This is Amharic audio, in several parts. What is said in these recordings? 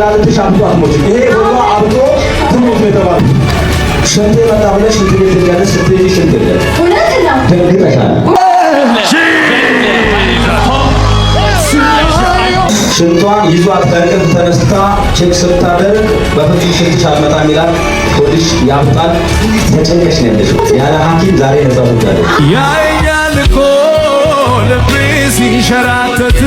ምናልብሽ አብዶ አትሞችም። ይሄ ወሏ አብዶ ትሞት የተባለ ሽንት መጣ ብለሽ ሽንት ቤት እንዳለሽ ሽንት ቤት ሽንት የለም። ደግረሻል። ሽንቷን ይዟት ከእንቅልፍ ተነስታ ቼክ ስታደርግ በፍጹም ሽንትሽ አልመጣም ይላል። ሆድሽ ያብጣል። ተጨንቀሽ ነው ያለሽው። ያለ ሐኪም ዛሬ ነጻ ትወጣለሽ። ያያልኮ ልብስ ይንሸራተት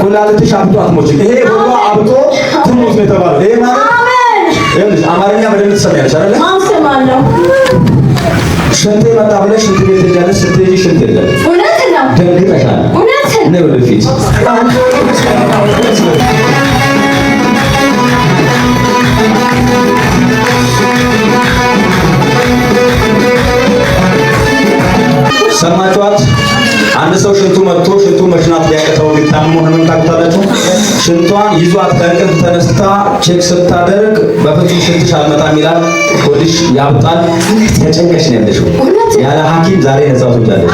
ኩላሊትሽ አብጦ አትሞችም። ይሄ ሁሉ አብጦ ትሞት ነው የተባለው። ይሄ ማለት ይኸውልሽ፣ አማርኛ በደንብ ትሰሚያለሽ አይደል? አምስማለሁ ሽንት መጣ ብለሽ ሽንት ቤት ሄጃለሽ። ስትሄጂ ሽንት የለም። እውነት ነው። ደግጠሻል። እውነት ነው። ወደፊት ሰማችኋት? አንድ ሰው ሽንቱ መጥቶ ሽንቱ መሽናት ሊያቅተው ቢታሞ ህመም ታውቁታላችሁ። ሽንቷን ይዟት ከእንቅልፍ ተነስታ ቼክ ስታደርግ በፍጹም ሽንትሽ አልመጣም ይላል። ሆድሽ ያብጣል። ተጨንቀሽ ነው ያለሽው። ያለ ሐኪም ዛሬ ነጻ ትወጣለሽ።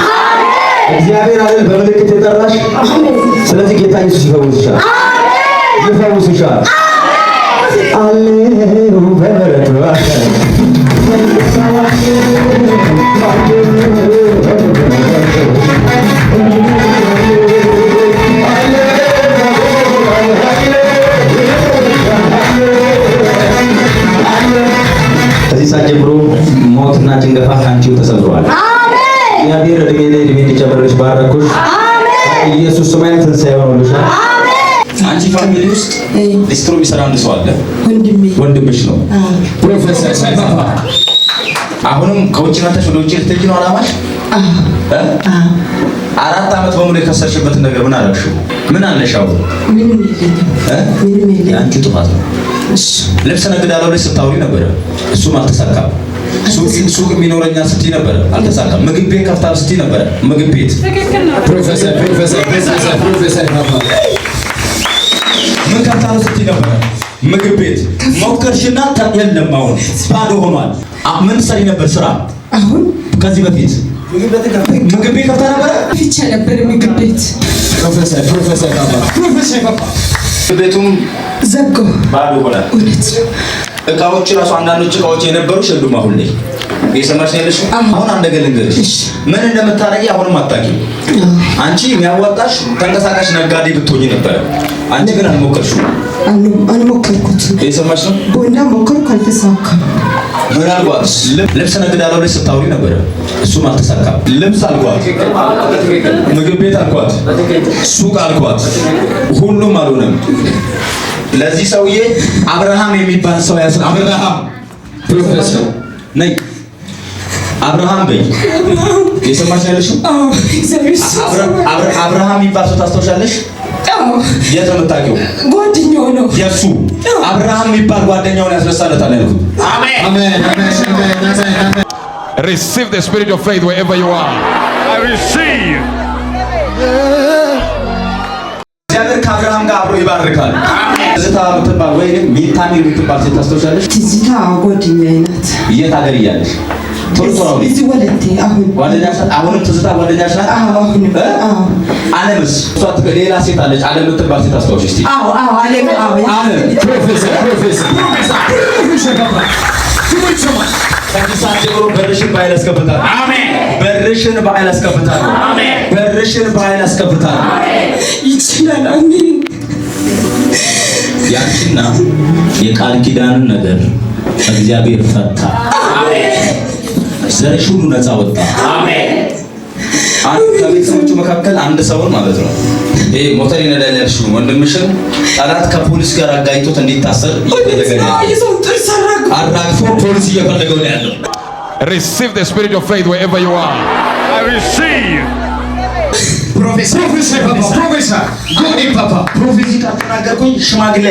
እግዚአብሔር አይደል በምልክት የጠራሽ። ስለዚህ ጌታ ኢየሱስ ይፈውስሻል፣ ይፈውስሻል። አሜን። ዘመናችን ገፋ አንቺው ተሰብሯል። እግዚአብሔር እድሜ ላይ እድሜ እንዲጨምርልሽ ባረኩሽ። አሜን። ኢየሱስ ስም ትንሣኤ ሆኖልሻል። አንቺ ፋሚሊ ውስጥ ሊስትሮ የሚሰራ አንድ ሰው አለ፣ ወንድሜ ወንድምሽ ነው ፕሮፌሰር ሰይፋፋ። አሁንም ከውጭ መተሽ ወደ ውጭ ልትሄጂ ነው አላማሽ? አራት ዓመት በሙሉ የከሰርሽበትን ነገር ምን አደረግሽው? ምን አለሽ? አሁን አንቺ ጥፋት ነው። ልብስ ነግዳለው ላይ ስታውሪ ነበረ፣ እሱም አልተሳካም። ሱቅ የሚኖረኛ ስቲ ነበር፣ አልተሳካም። ምግብ ቤት ከፍታ ስቲ ነበር፣ ምግብ ቤት ምን ከፍታ ስቲ ነበር፣ ምግብ ቤት ሞከርሽና፣ የለም አሁን ባዶ ሆኗል። ምን ሰሪ ነበር ስራ አሁን ከዚህ በፊት ምግብ ቤት ከፍታ ነበረ፣ ብቻ ነበር ምግብ ቤት ፕሮፌሰር ቤቱም ዘጎ ባዶ ሆኗል። እውነት ነው እቃዎች ራሱ አንዳንዶች እቃዎች የነበሩ የሉም። አሁን ላይ የሰማሽ ያለሽ አሁን አንድ ነገር ልንገርሽ፣ ምን እንደምታረጊ አሁንም አታውቂም። አንቺ የሚያዋጣሽ ተንቀሳቃሽ ነጋዴ ብትሆኚ ነበረ። አንቺ ግን አልሞከርሽም። አልሞከርኩት። የሰማሽ ነው። ቦንዳ ሞከርኩ፣ አልተሳካም። ምናልባት ልብስ ነግዳለው አለው ላይ ስታውሪ ነበረ፣ እሱም አልተሳካም። ልብስ አልኳት፣ ምግብ ቤት አልኳት፣ ሱቅ አልኳት፣ ሁሉም አልሆነም። ለዚህ ሰውዬ አብርሃም የሚባል ሰው ያስ አብርሃም ፕሮፌሰር ነኝ። አብርሃም በይ የሰማሽ ያለሽ አብርሃም የሚባል ሰው ታስታውሻለሽ? የት ነው የምታውቂው? ጓደኛው ነው የሱ አብርሃም የሚባል ጓደኛውን ያስነሳለታል ያሉት። አሜን አሜን አሜን። Receive the spirit of faith wherever you are. I receive. እግዚአብሔር ከአብርሃም ጋር አብሮ ይባርካል። ትዝታ የምትባል ወይ ሚታሚር የምትባል ሴት ታስታውሻለሽ? ትዝታ ጓደኛዬ ናት። የት ሀገር እያለሽ? ሌላ ሴት አለች፣ ሄደችና የቃል ኪዳንን ነገር እግዚአብሔር ፈታ። አሜን። ዘርሽ ሁሉ ነፃ ወጣ። አሜን። አንድ ከቤተሰቦቹ መካከል አንድ ሰውን ማለት ነው ይሄ ሞተር ይነዳል ያልሽው ወንድምሽን ጠላት ከፖሊስ ጋር አጋኝቶት እንዲታሰር እየተደረገ አራግፎ ፖሊስ እየፈለገው ነው ያለው። ሪሲቭ ዘ ስፒሪት ኦፍ faith ዌቨር ዩ አር I receive. ፕሮፌሲ ካልተናገርኩኝ ሽማግሌ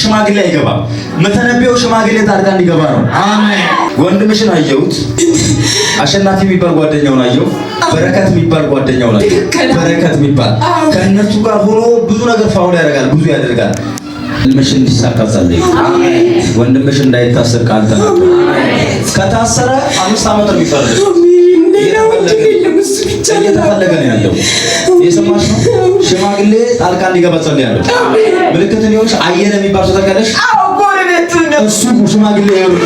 ሽማግሌ አይገባም። መተነቢያው ሽማግሌ ጣልቃ እንዲገባ ነው። ወንድምሽን አየሁት። አሸናፊ የሚባል ጓደኛውን አየሁ። በረከት የሚባል ጓደኛውን አየሁ። በረከት የሚባል ከእነሱ ጋር ሆኖ ብዙ ነገር ፋውል ያደርጋል፣ ብዙ ያደርጋል። ወንድምሽ እንዲሳካ ጸልይ። ወንድምሽ እንዳይታሰር ከታሰረ አምስት ዓመት ነው የሚፈርድ ጸጋ የተፈለገ ነው ያለው። የሰማሽ ነው። ሽማግሌ ጣልቃ እንዲገባ ጸጋ ያለው ምልክት ሊሆንሽ አየር የሚባል ሰው ታውቂያለሽ? እሱ ሽማግሌ ያለው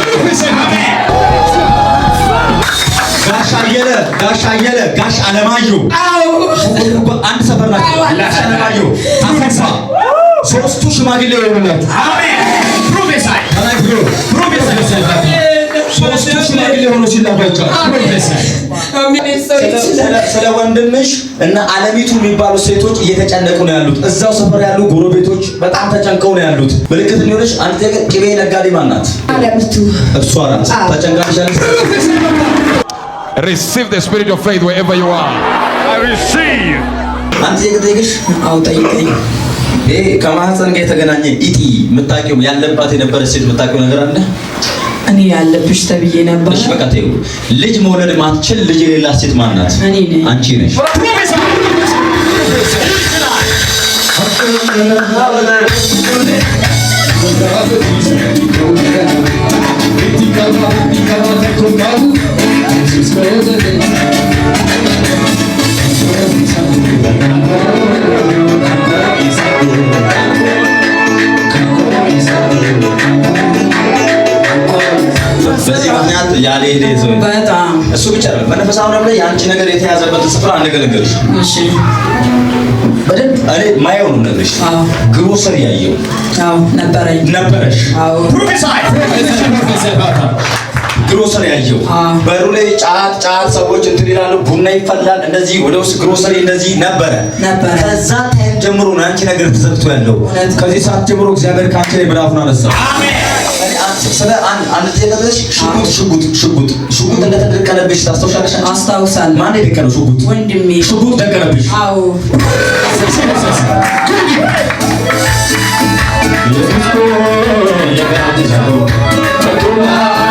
ጋሽ አየለ ጋሽ አየለ ጋሽ አለማየሁ አንድ ሰፈር ናቸው። ጋሽ አለማየሁ አሰፋ ሶስቱ ሽማግሌ ይሆኑላት። አሜን ፕሮፌሰር ተናግሮ ፕሮፌሰር ሶስቱ ሽማግሌ ሆኖ ሲላባቸው ፕሮፌሰር ስለ ወንድምሽ እና አለሚቱ የሚባሉ ሴቶች እየተጨነቁ ነው ያሉት። እዛው ሰፈር ያሉ ጎረቤቶች በጣም ተጨንቀው ነው ያሉት። ምልክት እንዲሆነሽ አንድ ቅቤ ነጋዴ ማን ናት? እሷ ናት። ተጨንቃሻለች። Receive the spirit of faith wherever you are. I receive. አንድ ጠይቅሽ አውጠይቀኝ ይሄ ከማህፀን ጋር የተገናኘ ኢጢ የምታውቂው ያለባት የነበረች ሴት የምታውቂው ነገር አለ እኔ ያለብሽ ተብዬ ነበር። እሺ በቃ ተይው። ልጅ መውለድ ማትችል ልጅ የሌላ ሴት ማን ናት? እኔ ነኝ። አንቺ ነሽ። እያለ ሄደ ሰው በጣም እሱ ብቻ ነው። በመንፈሳዊ ዓለም ላይ የአንቺ ነገር የተያዘበት ስፍራ እንደገለገልሽ እሺ፣ በደንብ እኔ ማየው ነው ነገርሽ። ግሮ ስር ያየው አዎ፣ ነበረኝ ነበረሽ። አዎ፣ ግሮሰሪ ያየው በሩ ላይ ጫት ጫት ሰዎች እንትን ይላሉ፣ ቡና ይፈላል፣ እንደዚህ ወደ ውስጥ ግሮሰሪ እንደዚህ ነበረ። ከዛ ታይም ጀምሮ ነው አንቺ ነገር ተዘግቶ ያለው። ከዚህ ሰዓት ጀምሮ እግዚአብሔር ከአንቺ ላይ ምዕራፉን አነሳ። አሜን። ስለ አንድ ጥያቄ ሽጉጥ ሽጉጥ ሽጉጥ ሽጉጥ እንደተደቀነብሽ ታስታውሻለሽ? አስታውሳለሁ። ማን የደቀነው ሽጉጥ? ወንድሜ ሽጉጥ ደቀነብሽ? አዎ። ኢየሱስ